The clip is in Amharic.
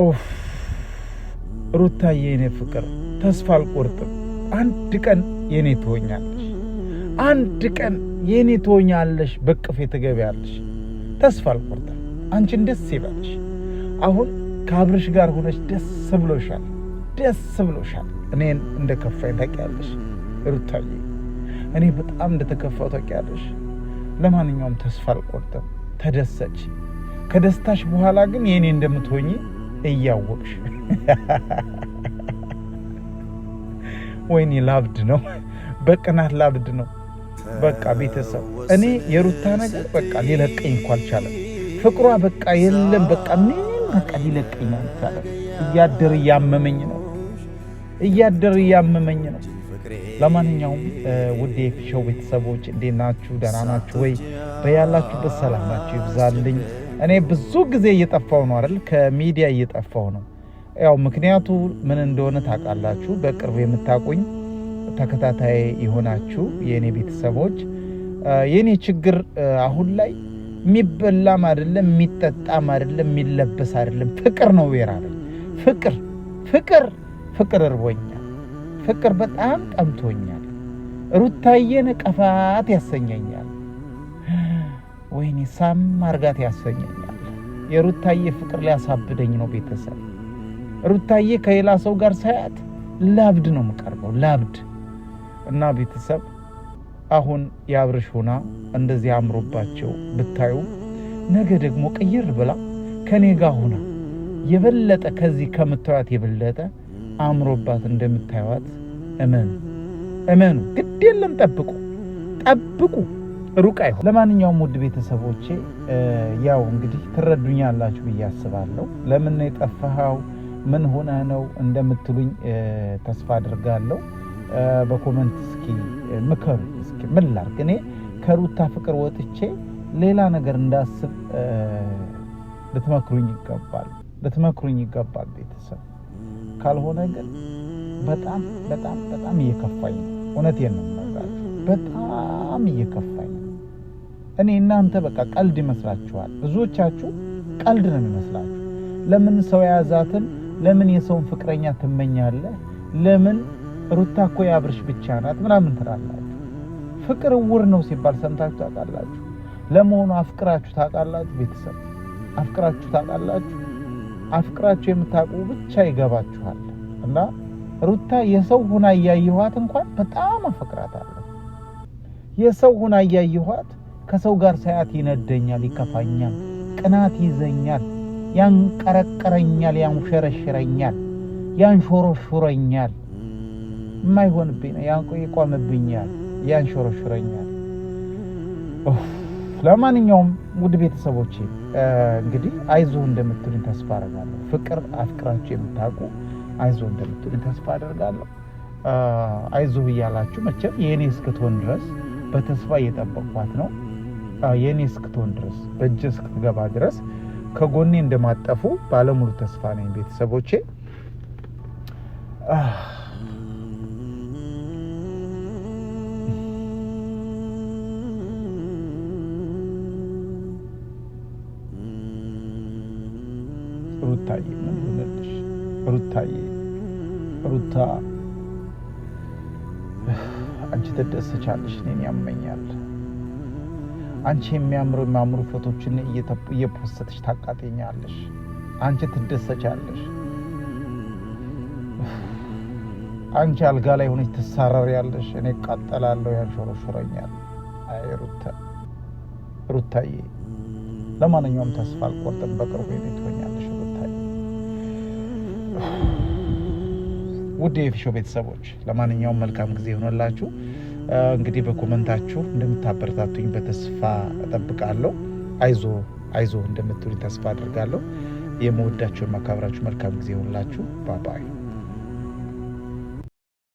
ኦፍ ሩታዬ፣ የኔ ፍቅር ተስፋ አልቆርጥም። አንድ ቀን የኔ ትሆኛለሽ፣ አንድ ቀን የኔ ትሆኛለሽ፣ በቅፌ ትገቢያለሽ። ተስፋ አልቆርጥም። አንቺን ደስ ይበልሽ። አሁን ከአብርሽ ጋር ሆነች ደስ ብሎሻል፣ ደስ ብሎሻል። እኔን እንደ ከፋኝ ታውቂያለሽ ሩታዬ፣ እኔ በጣም እንደተከፋው ታውቂያለሽ። ለማንኛውም ተስፋ አልቆርጥም። ተደሰች። ከደስታሽ በኋላ ግን የእኔ እንደምትሆኚ እያወቅሽ ወይኔ ላብድ ነው፣ በቅናት ላብድ ነው። በቃ ቤተሰብ እኔ የሩታ ነገር በቃ ሊለቀኝ እንኳ አልቻለም። ፍቅሯ በቃ የለም በቃ ምንም በቃ ሊለቀኝ አልቻለም። እያደር እያመመኝ ነው፣ እያደር እያመመኝ ነው። ለማንኛውም ውድ የፊ ቤተሰቦች እንዴት ናችሁ? ደህና ናችሁ ወይ? በያላችሁበት ሰላማችሁ ይብዛልኝ። እኔ ብዙ ጊዜ እየጠፋው ነው አይደል? ከሚዲያ እየጠፋው ነው። ያው ምክንያቱ ምን እንደሆነ ታውቃላችሁ። በቅርብ የምታቆኝ ተከታታይ የሆናችሁ የእኔ ቤተሰቦች የእኔ ችግር አሁን ላይ የሚበላም አይደለም የሚጠጣም አይደለም የሚለበስ አይደለም ፍቅር ነው። ቤራ ፍቅር ፍቅር ፍቅር እርቦኛል። ፍቅር በጣም ጠምቶኛል። ሩታዬን ቀፋት ያሰኘኛል። ወይኔ ሳም ማርጋት ያሰኘኛል። የሩታዬ ፍቅር ሊያሳብደኝ ነው። ቤተሰብ ሩታዬ ከሌላ ሰው ጋር ሳያት ላብድ ነው የምቀርበው ላብድ እና ቤተሰብ አሁን የአብርሽ ሆና እንደዚህ አምሮባቸው ብታዩ ነገ ደግሞ ቅይር ብላ ከኔ ጋር ሆና የበለጠ ከዚህ ከምታዩት የበለጠ አምሮባት እንደምታዩት እመኑ እመኑ። ግድ የለም ጠብቁ ጠብቁ። ሩቅ አይሆን። ለማንኛውም ውድ ቤተሰቦቼ ያው እንግዲህ ትረዱኛላችሁ ብዬ አስባለሁ። ለምን ነው የጠፋኸው? ምን ሆነ ነው እንደምትሉኝ ተስፋ አድርጋለሁ። በኮመንት እስኪ ምከሩ። እስኪ ምን ላድርግ እኔ ከሩታ ፍቅር ወጥቼ ሌላ ነገር እንዳስብ ልትመክሩኝ ይገባል፣ ልትመክሩኝ ይገባል ቤተሰብ። ካልሆነ ግን በጣም በጣም በጣም እየከፋኝ ነው። እውነቴን ነው የምነግራችሁ፣ በጣም እየከፋኝ እኔ እናንተ በቃ ቀልድ ይመስላችኋል። ብዙዎቻችሁ ቀልድ ነው የሚመስላችሁ። ለምን ሰው የያዛትን ለምን የሰውን ፍቅረኛ ትመኛለህ? ለምን ሩታ እኮ የአብርሽ ብቻ ናት ምናምን ትላላችሁ። ፍቅር እውር ነው ሲባል ሰምታችሁ ታውቃላችሁ? ለመሆኑ አፍቅራችሁ ታውቃላችሁ? ቤተሰብ አፍቅራችሁ ታውቃላችሁ? አፍቅራችሁ የምታውቁ ብቻ ይገባችኋል። እና ሩታ የሰው ሁና እያየኋት እንኳን በጣም አፈቅራታለሁ። የሰው ሁና እያየኋት ከሰው ጋር ሳያት ይነደኛል፣ ይከፋኛል፣ ቅናት ይዘኛል፣ ያንቀረቀረኛል፣ ያንሸረሽረኛል፣ ያንሾረሹረኛል፣ የማይሆንብኝ ነው ይቆምብኛል፣ ያንሾረሹረኛል። ለማንኛውም ውድ ቤተሰቦች እንግዲህ አይዞ እንደምትሉኝ ተስፋ አደርጋለሁ። ፍቅር አፍቅራችሁ የምታውቁ አይዞ እንደምትሉኝ ተስፋ አደርጋለሁ። አይዞ እያላችሁ መቼም የእኔ እስክትሆን ድረስ በተስፋ እየጠበቅኳት ነው። የእኔ እስክትሆን ድረስ በእጅ እስክትገባ ድረስ ከጎኔ እንደማጠፉ ባለሙሉ ተስፋ ነኝ ቤተሰቦቼ። ሩታዬ ሩታዬ ሩታ አንቺ ትደሰቻለሽ፣ እኔን ያመኛል። አንቺ የሚያምሩ የሚያምሩ ፎቶችን እየፖሰትሽ ታቃጠኛለሽ። አንቺ ትደሰቻለሽ። አንቺ አልጋ ላይ ሆነች ያለሽ፣ እኔ እቃጠላለሁ፣ ያንሾረሹረኛል። አይ ሩታ ሩታዬ፣ ለማንኛውም ተስፋ አልቆርጥም። በቅርቡ የቤት ሆኛለሽ ሩታዬ። ውድ የፊሾ ቤተሰቦች፣ ለማንኛውም መልካም ጊዜ ይሆንላችሁ። እንግዲህ በኮመንታችሁ እንደምታበረታቱኝ በተስፋ እጠብቃለሁ። አይዞ አይዞ እንደምትሉኝ ተስፋ አድርጋለሁ። የመወዳችሁን አካብራችሁ መልካም ጊዜ ይሁንላችሁ። ባባይ